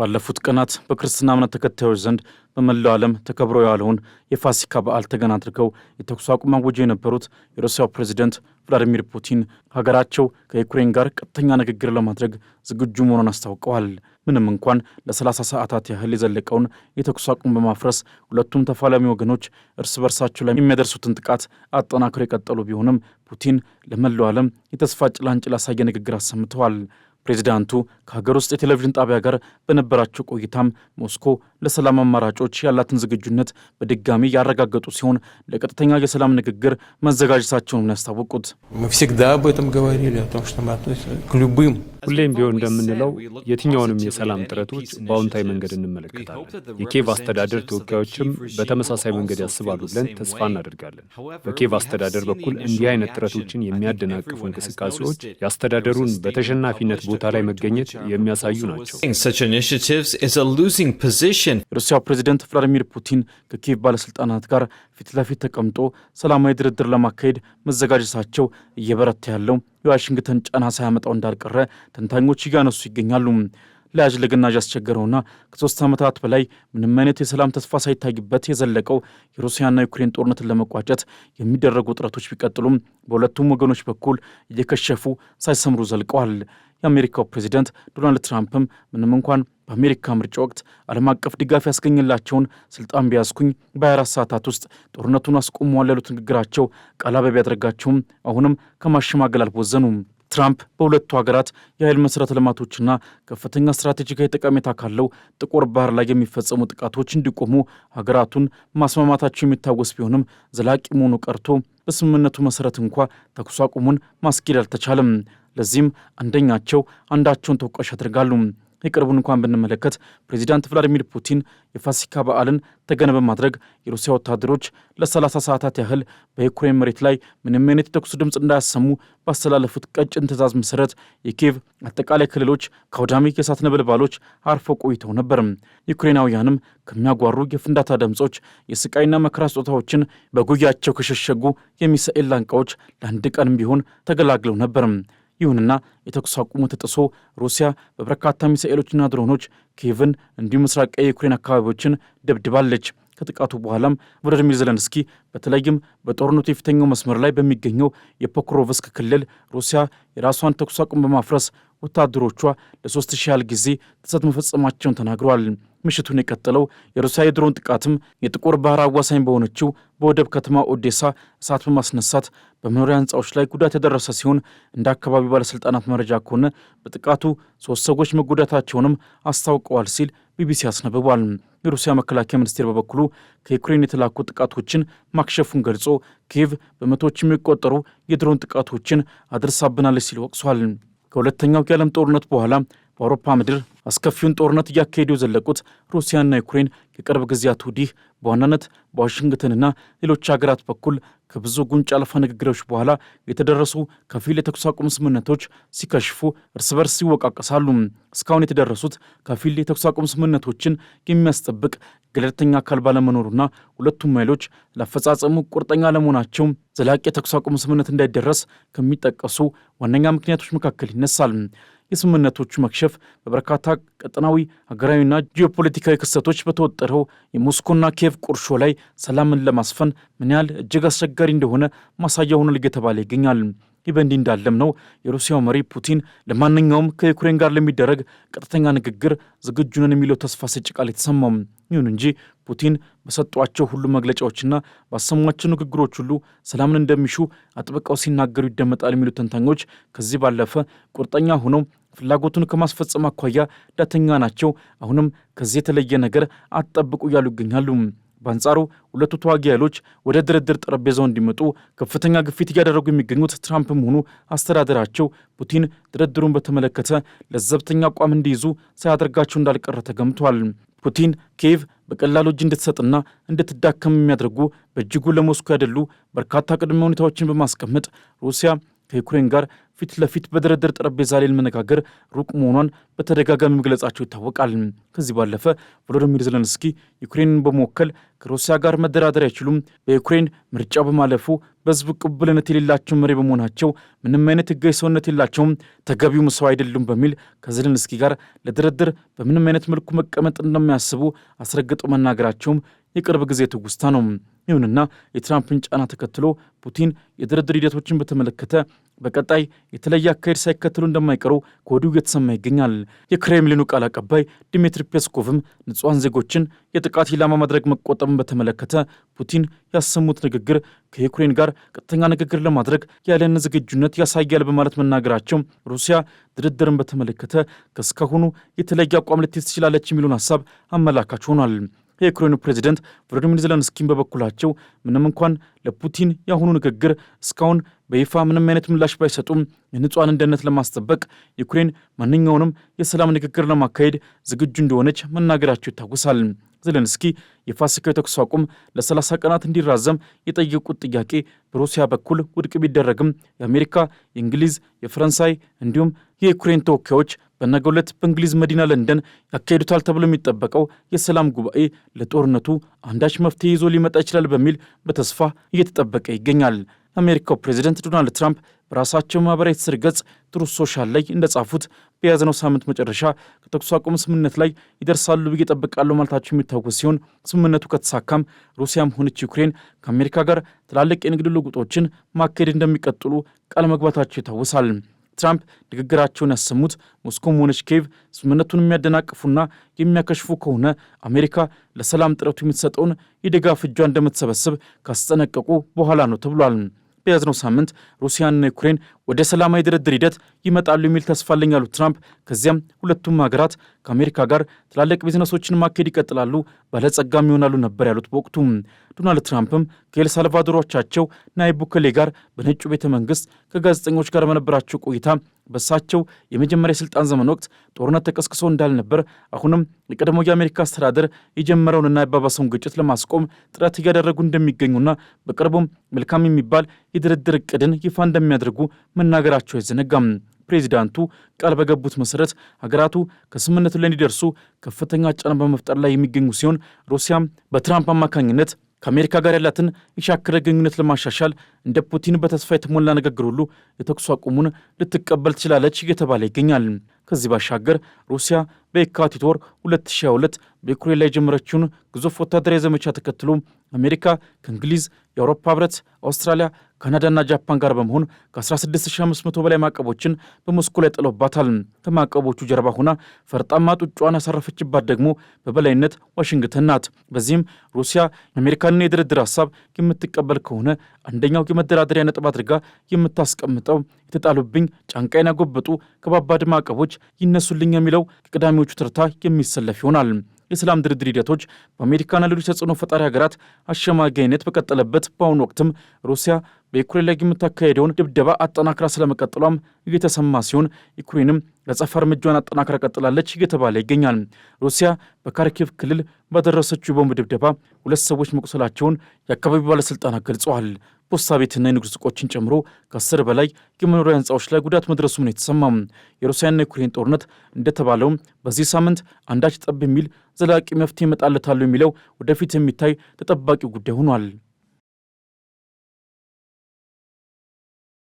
ባለፉት ቀናት በክርስትና እምነት ተከታዮች ዘንድ በመላው ዓለም ተከብሮ ያለውን የፋሲካ በዓል ተገን አድርገው የተኩስ አቁም አወጀ የነበሩት የሩሲያው ፕሬዚደንት ቭላዲሚር ፑቲን ሀገራቸው ከዩክሬን ጋር ቀጥተኛ ንግግር ለማድረግ ዝግጁ መሆኑን አስታውቀዋል። ምንም እንኳን ለ30 ሰዓታት ያህል የዘለቀውን የተኩስ አቁም በማፍረስ ሁለቱም ተፋላሚ ወገኖች እርስ በርሳቸው ላይ የሚያደርሱትን ጥቃት አጠናክሮ የቀጠሉ ቢሆንም ፑቲን ለመላው ዓለም የተስፋ ጭላንጭል አሳየ ንግግር አሰምተዋል። ፕሬዚዳንቱ ከሀገር ውስጥ የቴሌቪዥን ጣቢያ ጋር በነበራቸው ቆይታም ሞስኮ ለሰላም አማራጮች ያላትን ዝግጁነት በድጋሚ ያረጋገጡ ሲሆን ለቀጥተኛ የሰላም ንግግር መዘጋጀታቸውን ያስታወቁት ሁሌም ቢሆን እንደምንለው የትኛውንም የሰላም ጥረቶች በአዎንታዊ መንገድ እንመለከታለን። የኬቭ አስተዳደር ተወካዮችም በተመሳሳይ መንገድ ያስባሉ ብለን ተስፋ እናደርጋለን። በኬቭ አስተዳደር በኩል እንዲህ አይነት ጥረቶችን የሚያደናቅፉ እንቅስቃሴዎች የአስተዳደሩን በተሸናፊነት ቦታ ላይ መገኘት የሚያሳዩ ናቸው። ሩሲያ ፕሬዚደንት ቭላዲሚር ፑቲን ከኪየቭ ባለስልጣናት ጋር ፊት ለፊት ተቀምጦ ሰላማዊ ድርድር ለማካሄድ መዘጋጀታቸው እየበረታ ያለው የዋሽንግተን ጫና ሳያመጣው እንዳልቀረ ተንታኞች እያነሱ ይገኛሉ። ለያጅ ለግናዥ ያስቸገረውና ከሶስት ዓመታት በላይ ምንም አይነት የሰላም ተስፋ ሳይታይበት የዘለቀው የሩሲያና ዩክሬን ጦርነትን ለመቋጨት የሚደረጉ ጥረቶች ቢቀጥሉም በሁለቱም ወገኖች በኩል እየከሸፉ ሳይሰምሩ ዘልቀዋል። የአሜሪካው ፕሬዚደንት ዶናልድ ትራምፕም ምንም እንኳን በአሜሪካ ምርጫ ወቅት ዓለም አቀፍ ድጋፍ ያስገኝላቸውን ስልጣን ቢያስኩኝ በ24 ሰዓታት ውስጥ ጦርነቱን አስቆመዋል ያሉት ንግግራቸው ቃል አበባ ቢያደርጋቸውም አሁንም ከማሸማገል አልቦዘኑም። ትራምፕ በሁለቱ ሀገራት የኃይል መሠረተ ልማቶችና ከፍተኛ ስትራቴጂካዊ ጠቀሜታ ካለው ጥቁር ባህር ላይ የሚፈጸሙ ጥቃቶች እንዲቆሙ ሀገራቱን ማስማማታቸው የሚታወስ ቢሆንም ዘላቂ መሆኑ ቀርቶ በስምምነቱ መሠረት እንኳ ተኩስ አቁሙን ማስኬድ አልተቻለም። ለዚህም አንደኛቸው አንዳቸውን ተወቃሽ ያደርጋሉ። የቅርቡን እንኳን ብንመለከት ፕሬዚዳንት ቭላዲሚር ፑቲን የፋሲካ በዓልን ተገን በማድረግ የሩሲያ ወታደሮች ለ30 ሰዓታት ያህል በዩክሬን መሬት ላይ ምንም አይነት የተኩስ ድምፅ እንዳያሰሙ ባስተላለፉት ቀጭን ትዕዛዝ መሰረት የኪየቭ አጠቃላይ ክልሎች ከአውዳሚ የእሳት ነበልባሎች አርፈው ቆይተው ነበር። ዩክሬናውያንም ከሚያጓሩ የፍንዳታ ድምፆች የስቃይና መከራ ስጦታዎችን በጉያቸው ከሸሸጉ የሚሳኤል ላንቃዎች ለአንድ ቀንም ቢሆን ተገላግለው ነበር። ይሁንና የተኩስ አቁሙ ተጥሶ ሩሲያ በበርካታ ሚሳኤሎችና ድሮኖች ኪየቭን እንዲሁም ቀይ የዩክሬን አካባቢዎችን ደብድባለች። ከጥቃቱ በኋላም ቮሎዲሚር ዘለንስኪ በተለይም በጦርነቱ የፊተኛው መስመር ላይ በሚገኘው የፖክሮቭስክ ክልል ሩሲያ የራሷን ተኩስ አቁም በማፍረስ ወታደሮቿ ለሶስት ሺህ ያህል ጊዜ ጥሰት መፈጸማቸውን ተናግረዋል። ምሽቱን የቀጠለው የሩሲያ የድሮን ጥቃትም የጥቁር ባህር አዋሳኝ በሆነችው በወደብ ከተማ ኦዴሳ እሳት በማስነሳት በመኖሪያ ህንፃዎች ላይ ጉዳት የደረሰ ሲሆን እንደ አካባቢ ባለስልጣናት መረጃ ከሆነ በጥቃቱ ሶስት ሰዎች መጎዳታቸውንም አስታውቀዋል ሲል ቢቢሲ አስነብቧል። የሩሲያ መከላከያ ሚኒስቴር በበኩሉ ከዩክሬን የተላኩ ጥቃቶችን ማክሸፉን ገልጾ ኪየቭ በመቶዎች የሚቆጠሩ የድሮን ጥቃቶችን አድርሳብናለች ሲል ወቅሷል። ከሁለተኛው የዓለም ጦርነት በኋላ በአውሮፓ ምድር አስከፊውን ጦርነት እያካሄዱ የዘለቁት ሩሲያና ዩክሬን ከቅርብ ጊዜያት ወዲህ በዋናነት በዋሽንግተንና ሌሎች ሀገራት በኩል ከብዙ ጉንጭ አልፋ ንግግሮች በኋላ የተደረሱ ከፊል የተኩስ አቁም ስምምነቶች ሲከሽፉ እርስ በርስ ይወቃቀሳሉ። እስካሁን የተደረሱት ከፊል የተኩስ አቁም ስምምነቶችን የሚያስጠብቅ ገለልተኛ አካል ባለመኖሩና ሁለቱም ኃይሎች ለአፈጻጸሙ ቁርጠኛ ለመሆናቸው ዘላቂ የተኩስ አቁም ስምምነት እንዳይደረስ ከሚጠቀሱ ዋነኛ ምክንያቶች መካከል ይነሳል። የስምምነቶቹ መክሸፍ በበርካታ ቀጠናዊ ሀገራዊና ጂኦፖለቲካዊ ክስተቶች በተወጠረው የሞስኮና ኬቭ ቁርሾ ላይ ሰላምን ለማስፈን ምን ያህል እጅግ አስቸጋሪ እንደሆነ ማሳያ ሆኗል እየተባለ ይገኛል። ይህ በእንዲህ እንዳለም ነው የሩሲያው መሪ ፑቲን ለማንኛውም ከዩክሬን ጋር ለሚደረግ ቀጥተኛ ንግግር ዝግጁ ነን የሚለው ተስፋ ሰጭ ቃል የተሰማው። ይሁን እንጂ ፑቲን በሰጧቸው ሁሉ መግለጫዎችና ባሰሟቸው ንግግሮች ሁሉ ሰላምን እንደሚሹ አጥብቀው ሲናገሩ ይደመጣል የሚሉ ተንታኞች ከዚህ ባለፈ ቁርጠኛ ሆነው ፍላጎቱን ከማስፈጸም አኳያ ዳተኛ ናቸው። አሁንም ከዚህ የተለየ ነገር አትጠብቁ እያሉ ይገኛሉ። በአንጻሩ ሁለቱ ተዋጊ ኃይሎች ወደ ድርድር ጠረጴዛው እንዲመጡ ከፍተኛ ግፊት እያደረጉ የሚገኙት ትራምፕም ሆኑ አስተዳደራቸው ፑቲን ድርድሩን በተመለከተ ለዘብተኛ አቋም እንዲይዙ ሳያደርጋቸው እንዳልቀረ ተገምቷል። ፑቲን ኪየቭ በቀላሉ እጅ እንድትሰጥና እንድትዳከም የሚያደርጉ በእጅጉ ለሞስኮ ያደሉ በርካታ ቅድመ ሁኔታዎችን በማስቀመጥ ሩሲያ ከዩክሬን ጋር ፊት ለፊት በድርድር ጠረጴዛ ላይ ለመነጋገር ሩቅ መሆኗን በተደጋጋሚ መግለጻቸው ይታወቃል። ከዚህ ባለፈ ቮሎዶሚር ዘለንስኪ ዩክሬንን በመወከል ከሩሲያ ጋር መደራደር አይችሉም፣ በዩክሬን ምርጫ በማለፉ በህዝብ ቅብልነት የሌላቸው መሪ በመሆናቸው ምንም አይነት ህጋዊ ሰውነት የላቸውም፣ ተገቢውም ሰው አይደሉም በሚል ከዘለንስኪ ጋር ለድርድር በምንም አይነት መልኩ መቀመጥ እንደማያስቡ አስረግጠው መናገራቸውም የቅርብ ጊዜ ትውስታ ነው። ይሁንና የትራምፕን ጫና ተከትሎ ፑቲን የድርድር ሂደቶችን በተመለከተ በቀጣይ የተለየ አካሄድ ሳይከተሉ እንደማይቀሩ ከወዲሁ እየተሰማ ይገኛል። የክሬምሊኑ ቃል አቀባይ ዲሚትሪ ፔስኮቭም ንጹሐን ዜጎችን የጥቃት ኢላማ ማድረግ መቆጠብን በተመለከተ ፑቲን ያሰሙት ንግግር ከዩክሬን ጋር ቀጥተኛ ንግግር ለማድረግ ያለን ዝግጁነት ያሳያል በማለት መናገራቸው ሩሲያ ድርድርን በተመለከተ ከእስካሁኑ የተለየ አቋም ልትይዝ ትችላለች የሚሉን ሀሳብ አመላካች ሆኗል። የዩክሬኑ ፕሬዚደንት ቮሎዲሚር ዜለንስኪን በበኩላቸው ምንም እንኳን ለፑቲን የአሁኑ ንግግር እስካሁን በይፋ ምንም አይነት ምላሽ ባይሰጡም የንጹሐንን ደህንነት ለማስጠበቅ ዩክሬን ማንኛውንም የሰላም ንግግር ለማካሄድ ዝግጁ እንደሆነች መናገራቸው ይታወሳል። ዜሌንስኪ የፋሲካዊ ተኩስ አቁም ለ30 ቀናት እንዲራዘም የጠየቁት ጥያቄ በሩሲያ በኩል ውድቅ ቢደረግም የአሜሪካ፣ የእንግሊዝ፣ የፈረንሳይ እንዲሁም የዩክሬን ተወካዮች በነገው ዕለት በእንግሊዝ መዲና ለንደን ያካሄዱታል ተብሎ የሚጠበቀው የሰላም ጉባኤ ለጦርነቱ አንዳች መፍትሄ ይዞ ሊመጣ ይችላል በሚል በተስፋ እየተጠበቀ ይገኛል። የአሜሪካው ፕሬዚደንት ዶናልድ ትራምፕ በራሳቸው ማህበራዊ ትስስር ገጽ ትሩዝ ሶሻል ላይ እንደጻፉት በያዝነው ሳምንት መጨረሻ ከተኩስ አቁም ስምምነት ላይ ይደርሳሉ ብዬ ጠብቃለሁ ማለታቸው የሚታወስ ሲሆን ስምምነቱ ከተሳካም ሩሲያም ሆነች ዩክሬን ከአሜሪካ ጋር ትላልቅ የንግድ ልውውጦችን ማካሄድ እንደሚቀጥሉ ቃል መግባታቸው ይታወሳል። ትራምፕ ንግግራቸውን ያሰሙት ሞስኮም ሆነች ኬቭ ስምምነቱን የሚያደናቅፉና የሚያከሽፉ ከሆነ አሜሪካ ለሰላም ጥረቱ የምትሰጠውን የድጋፍ እጇ እንደምትሰበስብ ካስጠነቀቁ በኋላ ነው ተብሏል። በያዝነው ሳምንት ሩሲያና ዩክሬን ወደ ሰላማዊ ድርድር ሂደት ይመጣሉ የሚል ተስፋ አለኝ ያሉት ትራምፕ ከዚያም ሁለቱም ሀገራት ከአሜሪካ ጋር ትላልቅ ቢዝነሶችን ማካሄድ ይቀጥላሉ፣ ባለጸጋም ይሆናሉ ነበር ያሉት በወቅቱ። ዶናልድ ትራምፕም ከኤልሳልቫዶሮቻቸው ናይብ ቡከሌ ጋር በነጩ ቤተ መንግስት ከጋዜጠኞች ጋር በነበራቸው ቆይታ በሳቸው የመጀመሪያ የስልጣን ዘመን ወቅት ጦርነት ተቀስቅሶ እንዳልነበር አሁንም የቀድሞው የአሜሪካ አስተዳደር የጀመረውንና የባባሰውን ግጭት ለማስቆም ጥረት እያደረጉ እንደሚገኙና በቅርቡም መልካም የሚባል የድርድር እቅድን ይፋ እንደሚያደርጉ መናገራቸው አይዘነጋም። ፕሬዚዳንቱ ቃል በገቡት መሰረት ሀገራቱ ከስምምነቱ ላይ እንዲደርሱ ከፍተኛ ጫና በመፍጠር ላይ የሚገኙ ሲሆን ሩሲያም በትራምፕ አማካኝነት ከአሜሪካ ጋር ያላትን የሻከረ ግንኙነት ለማሻሻል እንደ ፑቲን በተስፋ የተሞላ ንግግር ሁሉ የተኩስ አቁሙን ልትቀበል ትችላለች እየተባለ ይገኛል። ከዚህ ባሻገር ሩሲያ በየካቲት ወር 2022 በዩክሬን ላይ የጀመረችውን ግዙፍ ወታደራዊ ዘመቻ ተከትሎ አሜሪካ ከእንግሊዝ፣ የአውሮፓ ህብረት፣ አውስትራሊያ፣ ካናዳና ጃፓን ጋር በመሆን ከ16500 በላይ ማዕቀቦችን በሞስኮ ላይ ጥሎባታል። ከማዕቀቦቹ ጀርባ ሆና ፈርጣማ ጡጫዋን ያሳረፈችባት ደግሞ በበላይነት ዋሽንግተን ናት። በዚህም ሩሲያ የአሜሪካንን የድርድር ሀሳብ የምትቀበል ከሆነ አንደኛው የመደራደሪያ ነጥብ አድርጋ የምታስቀምጠው የተጣሉብኝ ጫንቃይን ያጎበጡ ከባባድ ማዕቀቦች ይነሱልኝ የሚለው ከቅዳሜ በቀኞቹ ትርታ የሚሰለፍ ይሆናል። የሰላም ድርድር ሂደቶች በአሜሪካና ሌሎች ተጽዕኖ ፈጣሪ ሀገራት አሸማጋይነት በቀጠለበት በአሁኑ ወቅትም ሩሲያ በዩክሬን ላይ የምታካሄደውን ድብደባ አጠናክራ ስለመቀጠሏም እየተሰማ ሲሆን ዩክሬንም ለጸፋ እርምጃን አጠናክራ ቀጥላለች እየተባለ ይገኛል። ሩሲያ በካርኪቭ ክልል በደረሰችው የቦምብ ድብደባ ሁለት ሰዎች መቁሰላቸውን የአካባቢው ባለሥልጣናት ገልጸዋል። በውሳ ቤትና የንግድ ሱቆችን ጨምሮ ከአስር በላይ የመኖሪያ ህንፃዎች ላይ ጉዳት መድረሱም ነው የተሰማም። የሩሲያና የዩክሬን ጦርነት እንደተባለውም በዚህ ሳምንት አንዳች ጠብ የሚል ዘላቂ መፍትሄ ይመጣለታሉ የሚለው ወደፊት የሚታይ ተጠባቂ ጉዳይ ሆኗል።